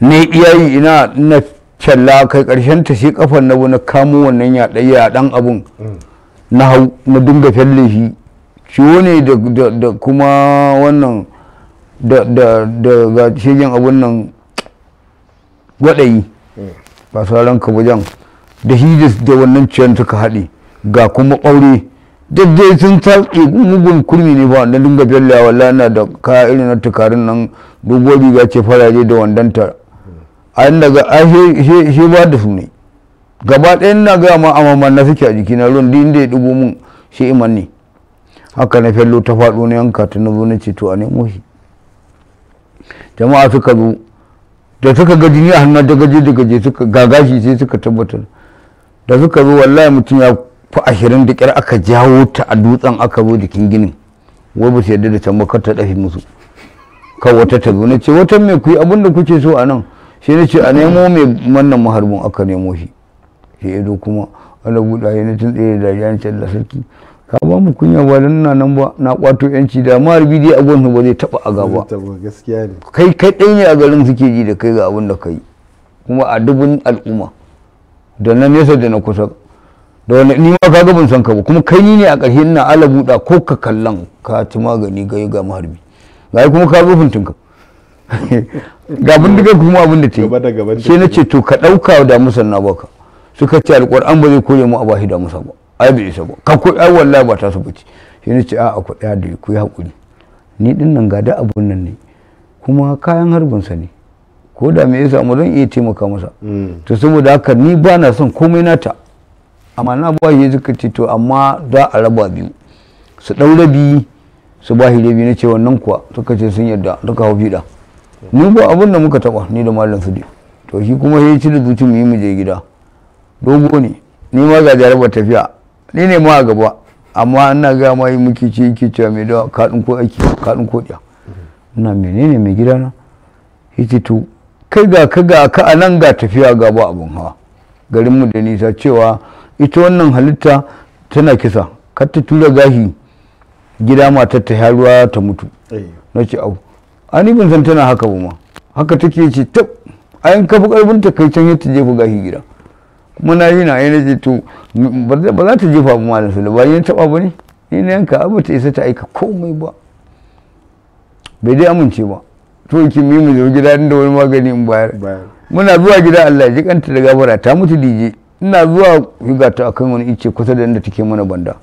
ne iyayi ina na kyalla kai karshen ta shi kafar na na kamo wannan yaɗayya ɗan abun mm. na hau na dinga felle shi ciwo ne da kuma wannan da ga shegen abun nan gwadayi ba sauran ka wajen da hijis da wannan ciyon suka haɗe ga kuma ƙaure dai sun sarƙe mugun kurmi ne ba na dinga felle wallahi na da kaya irin na tukarin nan dogon riga ce faraje da wandanta a inda ga shi ba da su ne gaba ɗaya na gaya ma amma na suke a jikina ruwan din da ya ɗigo mun shi iman ne haka na fello ta faɗo na yanka ta na zo na ce to a nemo shi jama'a suka zo da suka ga jini a hannun daga je daga je suka gagashi sai suka tabbatar da suka zo wallahi mutum ya fi ashirin da ƙyar aka jawo ta a dutsen aka zo jikin ginin wai ba su yarda da can ta dafi musu kan wata ta zo na ce wata mai kuyi abin da kuke so a nan shi na ce a nemo mai wannan maharbin aka nemo shi sai ido kuma ana buɗa ya na tun tsaye da jani can da sarki ka ba mu kunya ba dan na nan ba na kwato yanci da ma dai a gwamnati ba zai taba a gaba gaskiya ne kai kai ɗaya ne a garin suke ji da kai ga abin da kai kuma a dubun al'umma da na nesa da na kusa da wani ni ma kaga ban san ka ba kuma kai ni ne a ƙarshe ina ala buɗa ko ka kallan ka ci magani ga ga maharbi ga kuma ka zo fintin ka ga bindigar kuma abin da ta yi sai na ce to ka ɗauka da musanna baka suka ce alƙur'an ba zai kore mu a bashi da musa ba ai bai isa ba ka ko ai wallahi ba ta su bace shi ne ce a a kuɗi da ku yi hakuri. ni din nan ga da abun nan ne kuma kayan harbin sa ne ko da me yasa mu zan iya taimaka masa hmm. to saboda haka ni ba na son komai nata amma na ba shi suka ce to amma za a raba biyu su ɗaura biyu su ba shi rabi na ce wannan kuwa suka ce sun yarda suka hau da. ni ba abun da muka taɓa ni da malam su to shi kuma ya ci da zuci mu yi mu je gida dogo ne ni ma ga jarabar tafiya ni ne ma a gaba amma ina ga mai muke ci yake cewa mai da kaɗin ko aiki kaɗin ko ina menene mai gida na yace to kai ga ka ga ka anan ga tafiya ga ba abun hawa garin mu da nisa cewa ita wannan halitta tana kisa kar ta tura gahi gida matar ta yaruwa ta mutu eh. na ce au ani bin san tana haka ba ma haka take ce tab ayin kafa karfin ta kai can yadda jefa gahi gida muna yi na yana ce to ba za ta jefa mu malam sule ba yin taba ba ne ni na yanka abu ta isa ta aika komai ba bai dai amince ba to ki mi mu zo gida da wani magani in bayar muna zuwa gida Allah ji kanta da gabara ta mutu dije ina zuwa higa ta akan wani ice kusa da inda take mana banda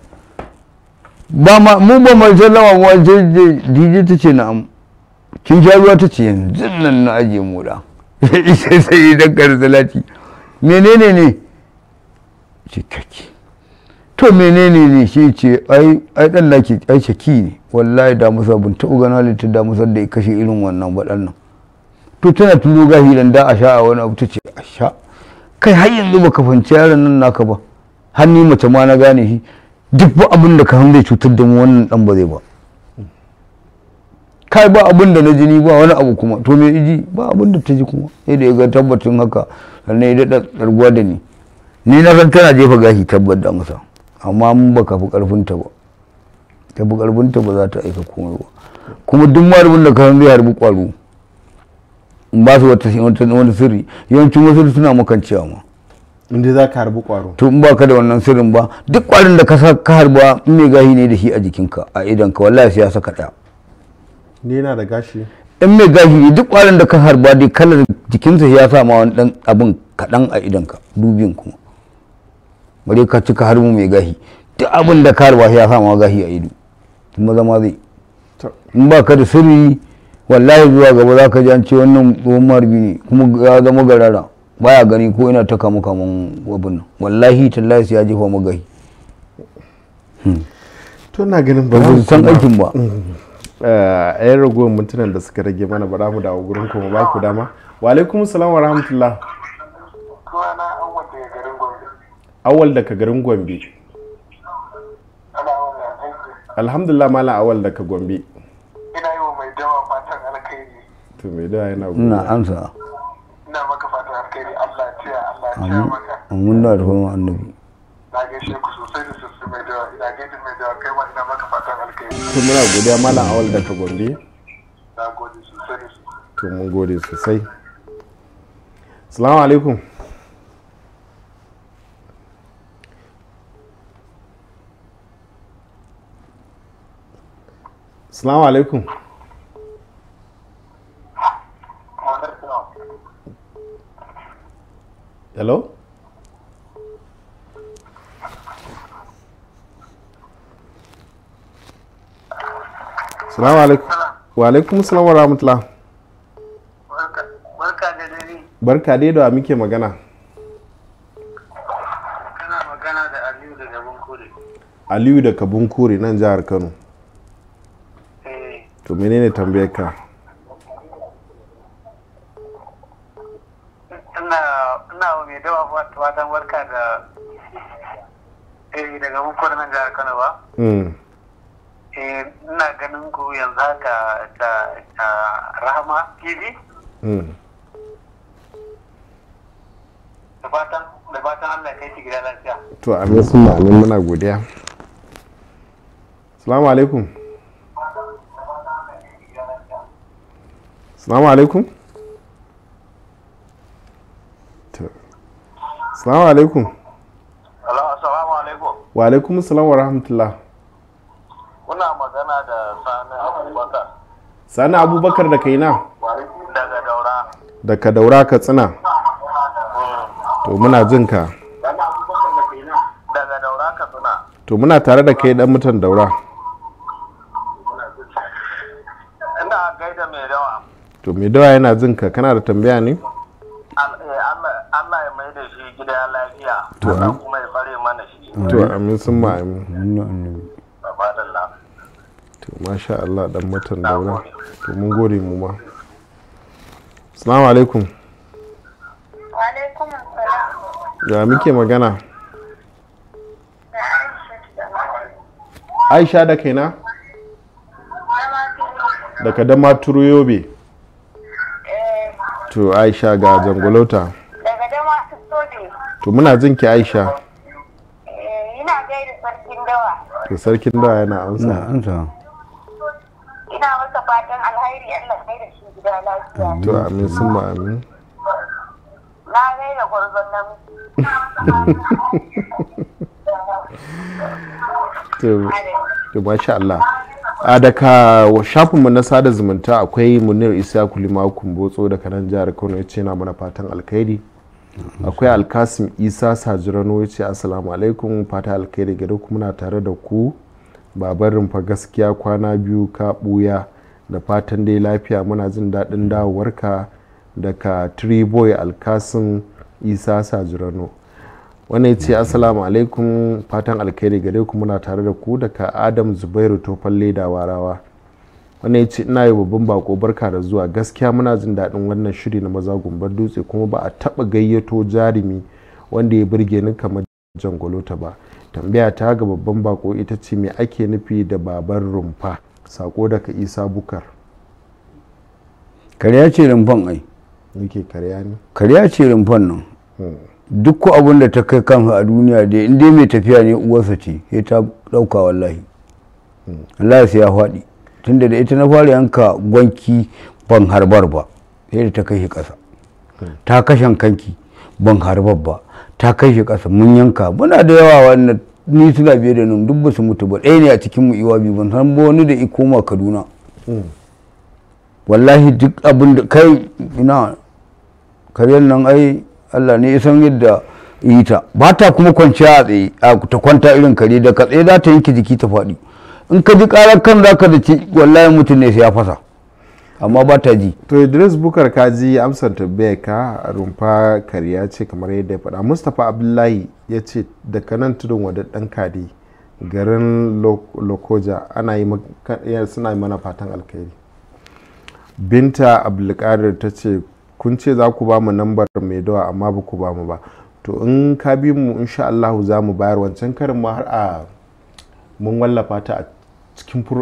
ba ma mu ba mai sallama mu wajen dije ta ce na'am kin sha ruwa ta ce yanzu nan na aje mu da sai sai dan karzalati menene ne ce kake to menene ne shi ce ai dan naki ai shaki ne wallahi da musa bin ta ugana ta da musa da ya kashe irin wannan waɗannan to tana tuno gahi dan da a sha a wani abu ta ce a sha kai har yanzu baka fanci yaron nan naka ba har ni mace ma na gane shi duk ba abin da ka zai cutar da mu wannan dan ba zai ba kai ba abin da na jini ba wani abu kuma to me ji ba abin da ta ji kuma sai da ya ga tabbatin haka sannan ya daɗa tsarguwa da ni ni na san tana jefa gashi tabbat da musa amma mun ba ka fi ta ba ta fi ta ba za ta aika komai ba kuma duk malamin da ka san zai harbi kwaro in ba su wata wani sirri yawancin wasu suna makancewa ma inda za ka harbi kwaro to in ba ka da wannan sirrin ba duk kwarin da ka ka harba in mai gashi ne da shi a jikinka a ka wallahi sai ya saka ɗaya ni yana da gashi in mai gashi ne duk kwarin da ka harba dai kalar jikinsa ya sa ma wani dan abin kaɗan a idanka dubin kuma bare ka cika har mu mai gahi duk abin da ka rubashi ya sama gahi a ido kuma zama zai in ba ka da sirri wallahi zuwa gaba za ka ji an ce wannan tsohon marbi ne kuma ya zama garara baya gani ko ina ta kamu kamun wabin nan wallahi tallahi sai ya jefa mu gahi hmm. to na ganin ba zan san aikin ba a mm. eh, yan ragowar mintunan da suka rage mana ba za mu dawo gurin kuma ba ku dama wa alaikum salam wa rahmatullah awal daga garin gombe alhamdulillah awal daga gombe ina yi mai dawa fatan alkhairi ina amsa ina na gaishe sosai da sosai mai dawa ina gaishe mai dawa kai ma ina maka fatan alkhairi to muna awal daga gombe gode sosai to alaikum salamu alaikum hello salamu alaikum wa alaikum salam wa rahmatullah barka da dare barka dai da muke magana kana magana da aliyu da Bunkure. aliyu da Bunkure nan jihar kano to menene tambayar ka ina ina mai dawa fatan barka da eh daga muku nan jihar Kano ba mm. eh ina ganin ku yanzu haka da Rahama TV mm. da fatan da fatan Allah kai shi gida lafiya to amin sun mun muna godiya assalamu alaikum salamu alaikum salamu alaikum Salamu alaikum. wa alaikum salamu wa rahmatullah kuna magana da sani abubakar sani abubakar da kaina daga daura daga daura katsina hmm. to muna jin ka daga daura katsina to muna tare da kai dan mutan daura to me dawa yana jin ka kana da tambaya ne eh, Allah ya mai da shi gida lafiya Allah kuma ya fare mana shi to amin sun ma amin to masha Allah dan mutan daura to mun gode mu ma assalamu alaikum wa alaikum assalam ya muke magana Aisha da kaina daga dama yobe to aisha ga jangolota daga dama su soje to muna jin ki aisha eh, ina gaida sarkin dawa to sarkin dawa yana amsa na amsa ina masa fatan alhairi Allah kai da shi gida lafiya to amin sun amin na gaida gwarzon namiji to to masha Allah a daga shafinmu na sada zumunta akwai munir isa kulima kumbotso daga nan jihar kano ya ce na mana fatan alkhairi akwai alkasim isa sajirano ya ce assalamu alaikum fata alkhairi gado kuma na tare da ku babarin fa gaskiya kwana biyu ka buya da fatan dai lafiya muna jin daɗin dawowarka daga triboy alkasim isa sajirano wannan ya ce assalamu alaikum fatan alkhairi gare ku muna tare da ku daga adam zubairu tofan leda warawa wannan ya ce ina yi babban bako barka da zuwa gaskiya muna jin daɗin wannan shiri na maza gumbar dutse kuma ba a taɓa gayyato jarumi wanda ya burge ni kamar jangolota ba tambaya ta ga babban bako ita ce me ake nufi da baban rumfa sako daga isa bukar karya ce rumfan ai karya ce rumfan nan hmm. duk ko abin da ta kai kansa a duniya da in mai tafiya ne uwarsa ce sai ta dauka wallahi Allah sai ya faɗi tunda da ita na fara yanka gwanki ban harbar ba sai da ta kai shi ƙasa ta kashen kanki ban harbar ba ta kai shi ƙasa mun yanka muna da yawa wannan ni suna biye da nan duk ba su mutu ba ɗaya ne a cikin mu iwa biyu ban san ba wani da ikoma kaduna wallahi duk abin da kai ina karyar nan ai Allah ne isan yadda yi ta ba ta kuma kwanciya a tsaye a ta kwanta irin kare da ka tsaye za ta yanke jiki ta faɗi in ka ji ƙarar kan za ka zaci wallahi mutum ne sai ya fasa amma ba ta ji to idris bukar ka ji amsar ta ka rumfa kariya ce kamar yadda ya faɗa mustapha abdullahi ya ce daga nan tudun wadda ɗan kadi garin lokoja ana yi suna yi mana fatan alkhairi binta abdulkadir ta ce kun ce za ku ba mu nambar mai dawa amma ba ku ba mu ba to in ka bi mu insha Allah za mu bayar wancan karin ma har a mun wallafa ta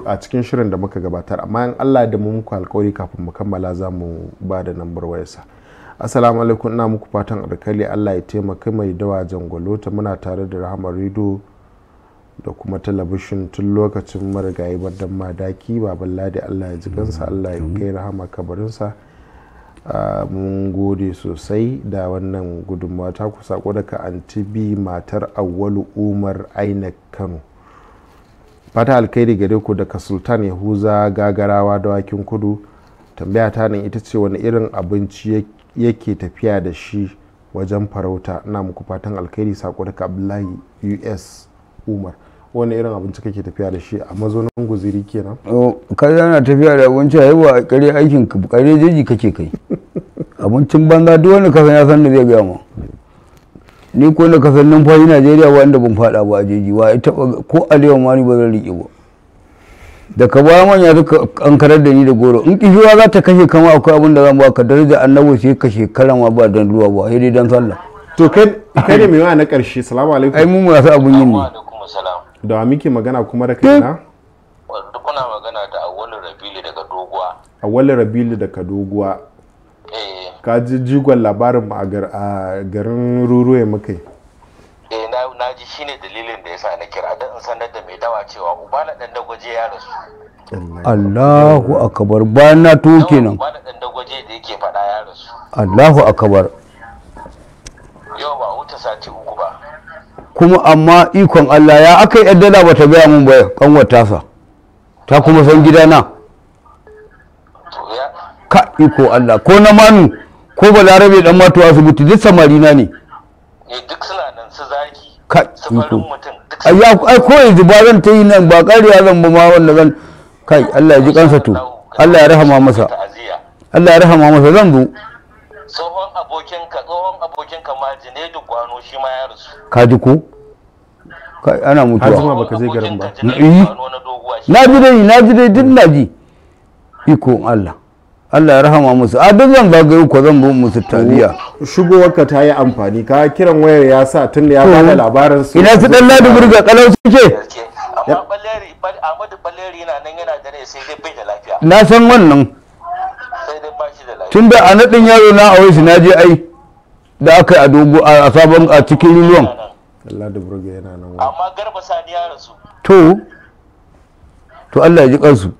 a cikin shirin da muka gabatar amma in Allah da mu muku alƙawari kafin mu kammala za mu ba da nambar wayarsa assalamu alaikum ina muku fatan alkali Allah ya taimaka mai dawa jangwalota muna tare da rahamar rido da kuma talabishin tun lokacin marigayi dan madaki baban ladi Allah ya ji kansa Allah ya kai rahama kabarinsa mun gode sosai da wannan gudunmawa ta ku sako daga antibi matar awwalu umar ainak kano fata alkhairi gare ku daga sultan yahuza gagarawa dawakin kudu tambaya ta nan ita ce wani irin abinci yake tafiya da shi wajen farauta na muku fatan alkhairi sako daga abdullahi us umar wani irin abinci kake tafiya da shi a mazonin guziri kenan kar yana tafiya da abinci a yawa kare aikin kare jeji kake kai abincin banza duk wani kasan ya san da zai gaya ma ni ko na kasan numfashi najeriya wanda ban fada ba a jeji wa ko a ma ni ba zan riƙe ba daga baya manya an karar da ni da goro in kishiwa za ta kashe kama akwai abin da zan ba ka daraja annabi sai ka shekara ma ba don ruwa ba sai dai dan sallah to kai ne mai wa na karshe salamu alaikum ai mu masu abun yin ne da wa muke magana kuma da kaina duk kuna magana da awalin rabili daga doguwa awalin rabili daga doguwa eh. ka ji jigon labarin mu a garin ruruwe muka eh na na ji shine dalilin da yasa na kira dan in sanar da mai dawa cewa uba na dan dagwaje ya rasu Allahu akabar bayan na to kenan ba na dan dagwaje da yake fada ya rasu Allahu akabar yau ba wuta sati uku kuma amma ikon Allah ya aka yi yaddada ba ta gaya mun ba kanwar tasa ta kuma san gidana ka iko Allah ko na manu ko balarabe dan su asibiti duk samari na ne eh, duk suna nan su zaki ka iko ai ko yanzu ba zan ta yi nan ba kariya zan ba ma wanda zan kai Allah ya ji kansa to Allah ya rahama masa Allah ya rahama masa zan zo tsohon abokin ka tsohon abokin ka majine Junaidu Gwano shi ma ya rasu ka ji ko ana mutuwa har baka zai garin ba eh? na ji dai na ji dai duk na ji iko Allah Allah ya rahama musu a duk zan zagayo ko zan bu musu taliya shigowarka ta yi amfani ka kiran wayar ya sa tun da ya bada labarin su ina su dan ladu burga kalau suke amma baleri amma balleri na nan yana da ne sai dai bai da lafiya na san wannan tun da a naɗin yaro na a waisu na je ai da aka yi a dogo a sabon a cikin ruwan Allah da burge yana nan amma garba sani ya rasu to to Allah ya ji kansu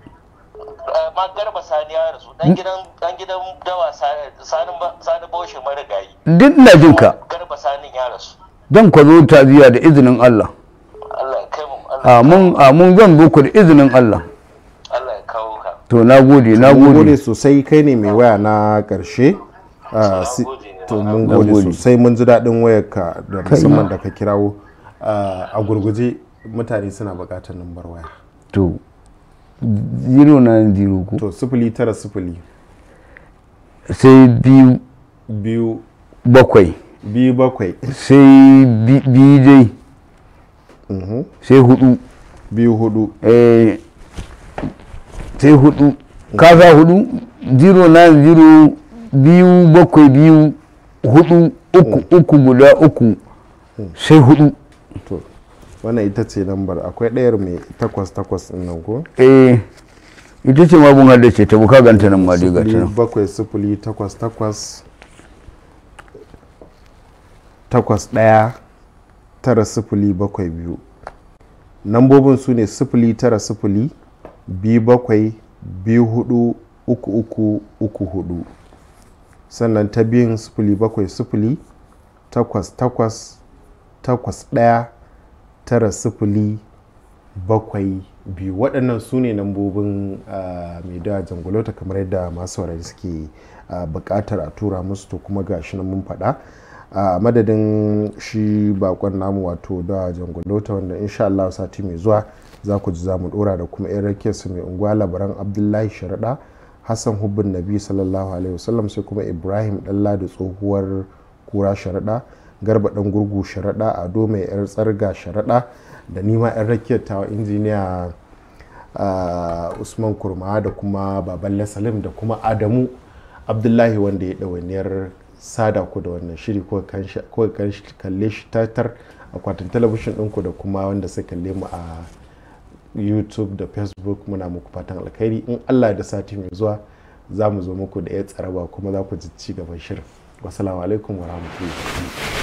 amma eh, garba sani ya rasu dan gidan dan gidan dawa sani sani boshe marigayi duk na jin ka garba sani ya rasu dan ku zo ta ziya da izinin Allah Allah kai mu amin amin zan zo ku da izinin Allah to na gode na gode sosai kai ne mai waya na karshe ah, to mun gode sosai mun ji daɗin ka da musamman da ka kirawo ah, a gurguje mutane suna buƙatar numbar waya to 090 to sifili tara sifili sai biyu biyu bakwai biyu bakwai sai mhm. biyu dai sai hudu biyu hudu eh yi hudu kasa hudu zero na zero biyu bakwai biyu hudu uku hmm. uku guda uku sai hudu wannan ita ce lambar akwai ɗayar mai takwas takwas nan ko? eh ita ce mabun hada ce ta buka ganta nan ma dai gata nan bakwai sifili takwas takwas takwas ɗaya tara sifili bakwai biyu lambobin su ne sifili tara sifili biyu bakwai sannan ta biyun sifili bakwai sifili takwas takwas takwas ɗaya tara sifili bakwai biyu waɗannan su ne lambobin ah, mai da jangolota kamar yadda masu saurari suke ah, buƙatar a tura musu to kuma ga shi nan mun faɗa ah, a madadin shi bakon namu wato da jangolota wanda insha Allah sati mai zuwa za ku ji za mu dora da kuma yan su mai unguwa labaran abdullahi sharaɗa hassan hubbin nabi sallallahu alaihi wasallam sai kuma ibrahim ɗalla da tsohuwar kura sharaɗa garba ɗan gurgu sharaɗa ado mai yar tsarga sharaɗa da nima yan rakiyar tawa injiniya usman kurma da kuma baban salim da kuma adamu abdullahi wanda ya ɗawainiyar sada ku da wannan shiri ko kalle shi tatar akwatin talabishin ɗinku da kuma wanda sai kalle mu a youtube da facebook muna muku fatan alkhairi in allah da sati mai zuwa za mu zo muku da ya tsaraba kuma za ku ji ci gaban shirin wasu alaikum wa rahmatullahi